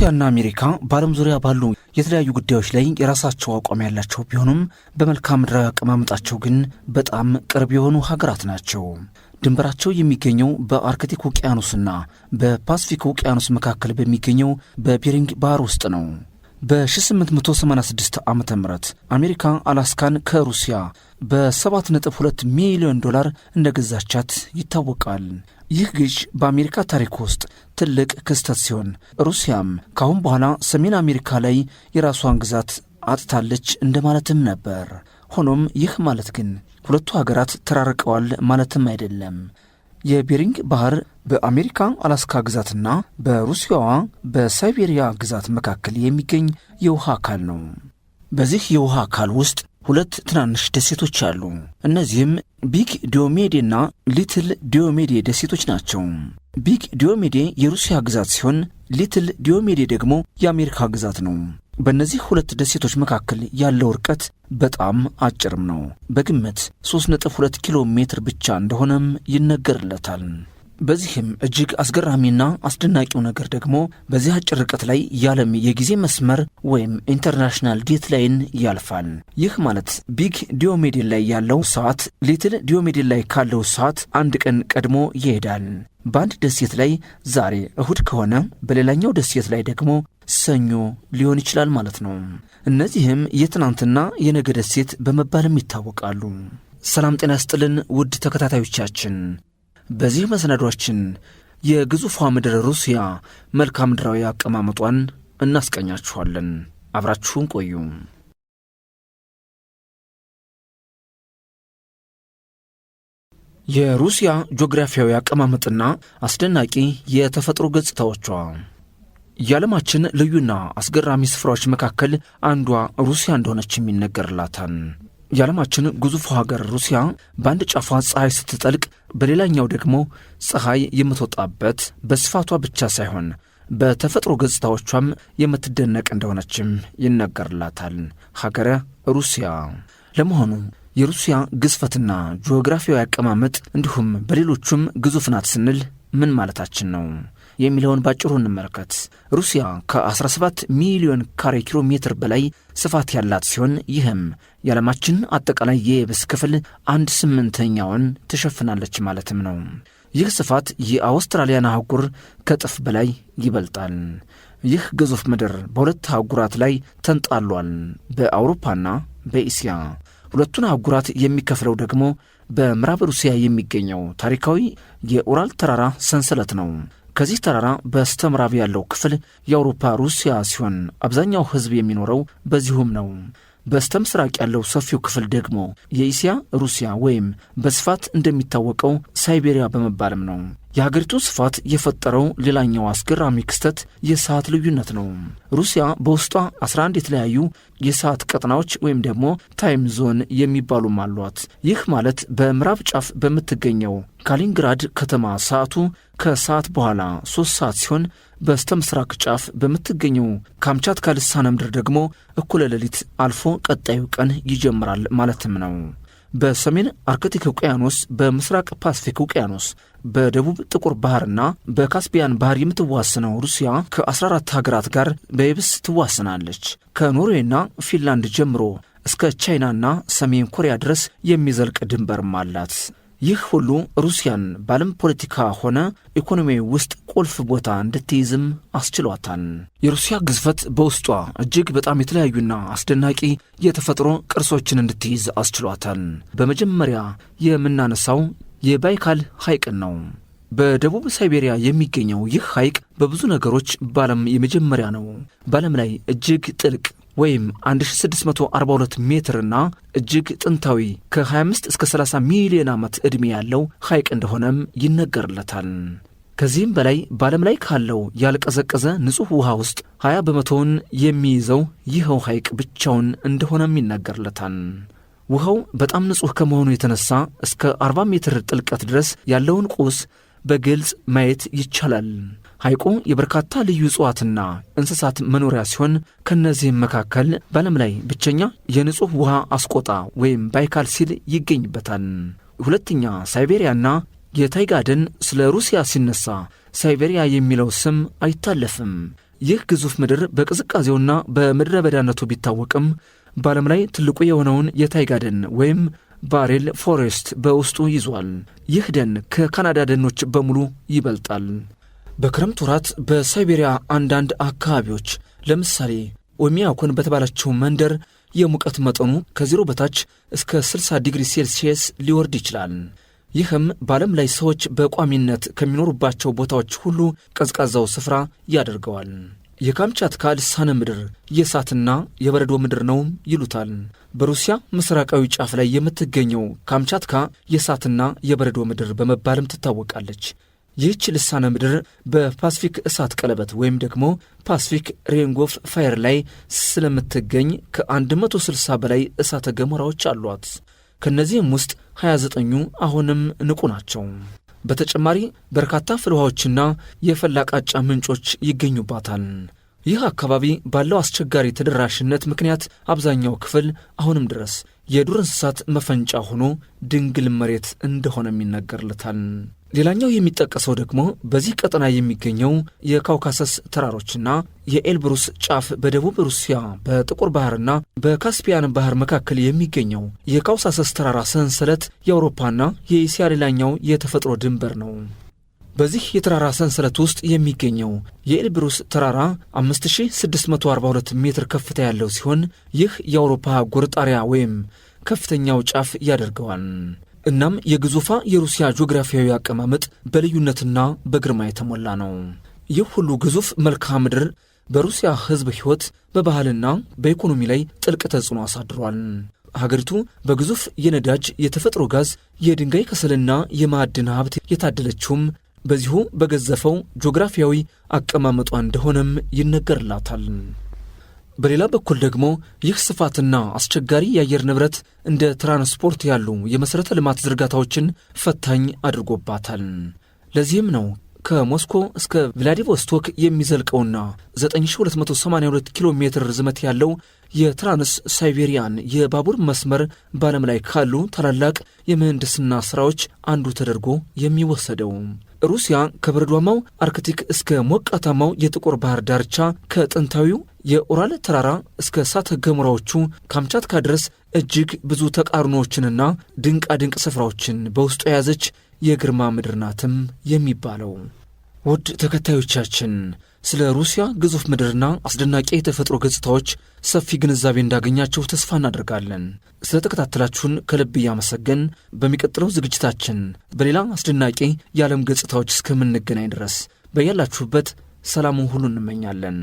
ሩሲያና አሜሪካ በዓለም ዙሪያ ባሉ የተለያዩ ጉዳዮች ላይ የራሳቸው አቋም ያላቸው ቢሆኑም በመልክዓ ምድራዊ አቀማመጣቸው ግን በጣም ቅርብ የሆኑ ሀገራት ናቸው። ድንበራቸው የሚገኘው በአርክቲክ ውቅያኖስና በፓስፊክ ውቅያኖስ መካከል በሚገኘው በቤሪንግ ባህር ውስጥ ነው። በ1886 ዓ ም አሜሪካ አላስካን ከሩሲያ በ7.2 ሚሊዮን ዶላር እንደገዛቻት ይታወቃል። ይህ ግዥ በአሜሪካ ታሪክ ውስጥ ትልቅ ክስተት ሲሆን ሩሲያም ከአሁን በኋላ ሰሜን አሜሪካ ላይ የራሷን ግዛት አጥታለች እንደማለትም ነበር። ሆኖም ይህ ማለት ግን ሁለቱ ሀገራት ተራርቀዋል ማለትም አይደለም። የቤሪንግ ባህር በአሜሪካ አላስካ ግዛትና በሩሲያዋ በሳይቤሪያ ግዛት መካከል የሚገኝ የውሃ አካል ነው። በዚህ የውሃ አካል ውስጥ ሁለት ትናንሽ ደሴቶች አሉ። እነዚህም ቢግ ዲዮሜዴ እና ሊትል ዲዮሜዴ ደሴቶች ናቸው። ቢግ ዲዮሜዴ የሩሲያ ግዛት ሲሆን፣ ሊትል ዲዮሜዴ ደግሞ የአሜሪካ ግዛት ነው። በእነዚህ ሁለት ደሴቶች መካከል ያለው ርቀት በጣም አጭርም ነው። በግምት 3.2 ኪሎ ሜትር ብቻ እንደሆነም ይነገርለታል። በዚህም እጅግ አስገራሚና አስደናቂው ነገር ደግሞ በዚህ አጭር ርቀት ላይ የዓለም የጊዜ መስመር ወይም ኢንተርናሽናል ጌት ላይን ያልፋል። ይህ ማለት ቢግ ዲዮሜዴን ላይ ያለው ሰዓት ሊትል ዲዮሜዴን ላይ ካለው ሰዓት አንድ ቀን ቀድሞ ይሄዳል። በአንድ ደሴት ላይ ዛሬ እሁድ ከሆነ በሌላኛው ደሴት ላይ ደግሞ ሰኞ ሊሆን ይችላል ማለት ነው። እነዚህም የትናንትና የነገ ደሴት በመባልም ይታወቃሉ። ሰላም ጤና ስጥልን ውድ ተከታታዮቻችን በዚህ መሰናዷችን የግዙፏ ምድር ሩሲያ መልክዓ ምድራዊ አቀማመጧን እናስቀኛችኋለን። አብራችሁን ቆዩ። የሩሲያ ጂኦግራፊያዊ አቀማመጥና አስደናቂ የተፈጥሮ ገጽታዎቿ የዓለማችን ልዩና አስገራሚ ስፍራዎች መካከል አንዷ ሩሲያ እንደሆነች ይነገርላታል። የዓለማችን ግዙፉ ሀገር ሩሲያ በአንድ ጫፏ ፀሐይ ስትጠልቅ በሌላኛው ደግሞ ፀሐይ የምትወጣበት በስፋቷ ብቻ ሳይሆን በተፈጥሮ ገጽታዎቿም የምትደነቅ እንደሆነችም ይነገርላታል ሀገረ ሩሲያ። ለመሆኑ የሩሲያ ግዝፈትና ጂኦግራፊያዊ አቀማመጥ እንዲሁም በሌሎቹም ግዙፍ ናት ስንል ምን ማለታችን ነው? የሚለውን ባጭሩ እንመልከት። ሩሲያ ከ17 ሚሊዮን ካሬ ኪሎ ሜትር በላይ ስፋት ያላት ሲሆን ይህም የዓለማችን አጠቃላይ የየብስ ክፍል አንድ ስምንተኛውን ትሸፍናለች ማለትም ነው። ይህ ስፋት የአውስትራሊያን አህጉር ከጥፍ በላይ ይበልጣል። ይህ ግዙፍ ምድር በሁለት አህጉራት ላይ ተንጣሏል፣ በአውሮፓና በኢስያ። ሁለቱን አህጉራት የሚከፍለው ደግሞ በምዕራብ ሩሲያ የሚገኘው ታሪካዊ የኡራል ተራራ ሰንሰለት ነው። ከዚህ ተራራ በስተምዕራብ ያለው ክፍል የአውሮፓ ሩሲያ ሲሆን አብዛኛው ሕዝብ የሚኖረው በዚሁም ነው። በስተ ምስራቅ ያለው ሰፊው ክፍል ደግሞ የእስያ ሩሲያ ወይም በስፋት እንደሚታወቀው ሳይቤሪያ በመባልም ነው የሀገሪቱ ስፋት የፈጠረው ሌላኛው አስገራሚ ክስተት የሰዓት ልዩነት ነው። ሩሲያ በውስጧ 11 የተለያዩ የሰዓት ቀጠናዎች ወይም ደግሞ ታይም ዞን የሚባሉም አሏት። ይህ ማለት በምዕራብ ጫፍ በምትገኘው ካሊንግራድ ከተማ ሰዓቱ ከሰዓት በኋላ ሶስት ሰዓት ሲሆን በስተ ምስራቅ ጫፍ በምትገኘው ካምቻትካ ልሳነ ምድር ደግሞ እኩለ ሌሊት አልፎ ቀጣዩ ቀን ይጀምራል ማለትም ነው። በሰሜን አርክቲክ ውቅያኖስ፣ በምስራቅ ፓስፊክ ውቅያኖስ፣ በደቡብ ጥቁር ባህርና በካስፒያን ባህር የምትዋስነው ሩሲያ ከ14 ሀገራት ጋር በየብስ ትዋስናለች። ከኖርዌይና ፊንላንድ ጀምሮ እስከ ቻይናና ሰሜን ኮሪያ ድረስ የሚዘልቅ ድንበርም አላት። ይህ ሁሉ ሩሲያን በዓለም ፖለቲካ ሆነ ኢኮኖሚ ውስጥ ቁልፍ ቦታ እንድትይዝም አስችሏታል። የሩሲያ ግዝፈት በውስጧ እጅግ በጣም የተለያዩና አስደናቂ የተፈጥሮ ቅርሶችን እንድትይዝ አስችሏታል። በመጀመሪያ የምናነሳው የባይካል ሐይቅን ነው። በደቡብ ሳይቤሪያ የሚገኘው ይህ ሐይቅ በብዙ ነገሮች በዓለም የመጀመሪያ ነው። በዓለም ላይ እጅግ ጥልቅ ወይም 1642 ሜትርና እጅግ ጥንታዊ ከ25 እስከ 30 ሚሊዮን ዓመት ዕድሜ ያለው ሐይቅ እንደሆነም ይነገርለታል። ከዚህም በላይ በዓለም ላይ ካለው ያልቀዘቀዘ ንጹሕ ውሃ ውስጥ 20 በመቶውን የሚይዘው ይኸው ሐይቅ ብቻውን እንደሆነም ይነገርለታል። ውሃው በጣም ንጹሕ ከመሆኑ የተነሳ እስከ 40 ሜትር ጥልቀት ድረስ ያለውን ቁስ በግልጽ ማየት ይቻላል። ሐይቁ የበርካታ ልዩ እጽዋትና እንስሳት መኖሪያ ሲሆን ከእነዚህም መካከል በዓለም ላይ ብቸኛ የንጹሕ ውሃ አስቆጣ ወይም ባይካል ሲል ይገኝበታል። ሁለተኛ ሳይቤሪያና የታይጋ ደን። ስለ ሩሲያ ሲነሳ ሳይቤሪያ የሚለው ስም አይታለፍም። ይህ ግዙፍ ምድር በቅዝቃዜውና በምድረ በዳነቱ ቢታወቅም በዓለም ላይ ትልቁ የሆነውን የታይጋ ደን ወይም ባሬል ፎሬስት በውስጡ ይዟል። ይህ ደን ከካናዳ ደኖች በሙሉ ይበልጣል። በክረምት ወራት በሳይቤሪያ አንዳንድ አካባቢዎች ለምሳሌ ኦሚያኮን በተባለችው መንደር የሙቀት መጠኑ ከዜሮ በታች እስከ 60 ዲግሪ ሴልሲየስ ሊወርድ ይችላል። ይህም በዓለም ላይ ሰዎች በቋሚነት ከሚኖሩባቸው ቦታዎች ሁሉ ቀዝቃዛው ስፍራ ያደርገዋል። የካምቻትካ ልሳነ ምድር የእሳትና የበረዶ ምድር ነው ይሉታል። በሩሲያ ምስራቃዊ ጫፍ ላይ የምትገኘው ካምቻትካ የእሳትና የበረዶ ምድር በመባልም ትታወቃለች። ይህች ልሳነ ምድር በፓስፊክ እሳት ቀለበት ወይም ደግሞ ፓስፊክ ሬንጎፍ ፋየር ላይ ስለምትገኝ ከ160 በላይ እሳተ ገሞራዎች አሏት። ከእነዚህም ውስጥ 29ኙ አሁንም ንቁ ናቸው። በተጨማሪ በርካታ ፍልውሃዎችና የፈላቃጫ ምንጮች ይገኙባታል። ይህ አካባቢ ባለው አስቸጋሪ ተደራሽነት ምክንያት አብዛኛው ክፍል አሁንም ድረስ የዱር እንስሳት መፈንጫ ሆኖ ድንግል መሬት እንደሆነም ይነገርለታል። ሌላኛው የሚጠቀሰው ደግሞ በዚህ ቀጠና የሚገኘው የካውካሰስ ተራሮችና የኤልብሩስ ጫፍ በደቡብ ሩሲያ በጥቁር ባህርና በካስፒያን ባህር መካከል የሚገኘው የካውካሰስ ተራራ ሰንሰለት የአውሮፓና የእስያ ሌላኛው የተፈጥሮ ድንበር ነው። በዚህ የተራራ ሰንሰለት ውስጥ የሚገኘው የኤልብሩስ ተራራ 5642 ሜትር ከፍታ ያለው ሲሆን ይህ የአውሮፓ አህጉር ጣሪያ ወይም ከፍተኛው ጫፍ ያደርገዋል። እናም የግዙፋ የሩሲያ ጂኦግራፊያዊ አቀማመጥ በልዩነትና በግርማ የተሞላ ነው። ይህ ሁሉ ግዙፍ መልክዓ ምድር በሩሲያ ሕዝብ ሕይወት በባህልና በኢኮኖሚ ላይ ጥልቅ ተጽዕኖ አሳድሯል። ሀገሪቱ በግዙፍ የነዳጅ፣ የተፈጥሮ ጋዝ፣ የድንጋይ ከሰልና የማዕድን ሀብት የታደለችውም በዚሁ በገዘፈው ጂኦግራፊያዊ አቀማመጧ እንደሆነም ይነገርላታል። በሌላ በኩል ደግሞ ይህ ስፋትና አስቸጋሪ የአየር ንብረት እንደ ትራንስፖርት ያሉ የመሠረተ ልማት ዝርጋታዎችን ፈታኝ አድርጎባታል። ለዚህም ነው ከሞስኮ እስከ ቭላዲቮስቶክ የሚዘልቀውና 9282 ኪሎ ሜትር ርዝመት ያለው የትራንስ ሳይቤሪያን የባቡር መስመር በዓለም ላይ ካሉ ታላላቅ የምህንድስና ሥራዎች አንዱ ተደርጎ የሚወሰደው። ሩሲያ ከበረዷማው አርክቲክ እስከ ሞቃታማው የጥቁር ባህር ዳርቻ ከጥንታዊው የኡራል ተራራ እስከ እሳተ ገሞራዎቹ ካምቻትካ ድረስ እጅግ ብዙ ተቃርኖዎችንና ድንቃድንቅ ስፍራዎችን በውስጡ የያዘች የግርማ ምድር ናትም የሚባለው። ውድ ተከታዮቻችን ስለ ሩሲያ ግዙፍ ምድርና አስደናቂ የተፈጥሮ ገጽታዎች ሰፊ ግንዛቤ እንዳገኛቸው ተስፋ እናደርጋለን። ስለተከታተላችሁን ከልብ እያመሰገን በሚቀጥለው ዝግጅታችን በሌላ አስደናቂ የዓለም ገጽታዎች እስከምንገናኝ ድረስ በያላችሁበት ሰላሙን ሁሉ እንመኛለን።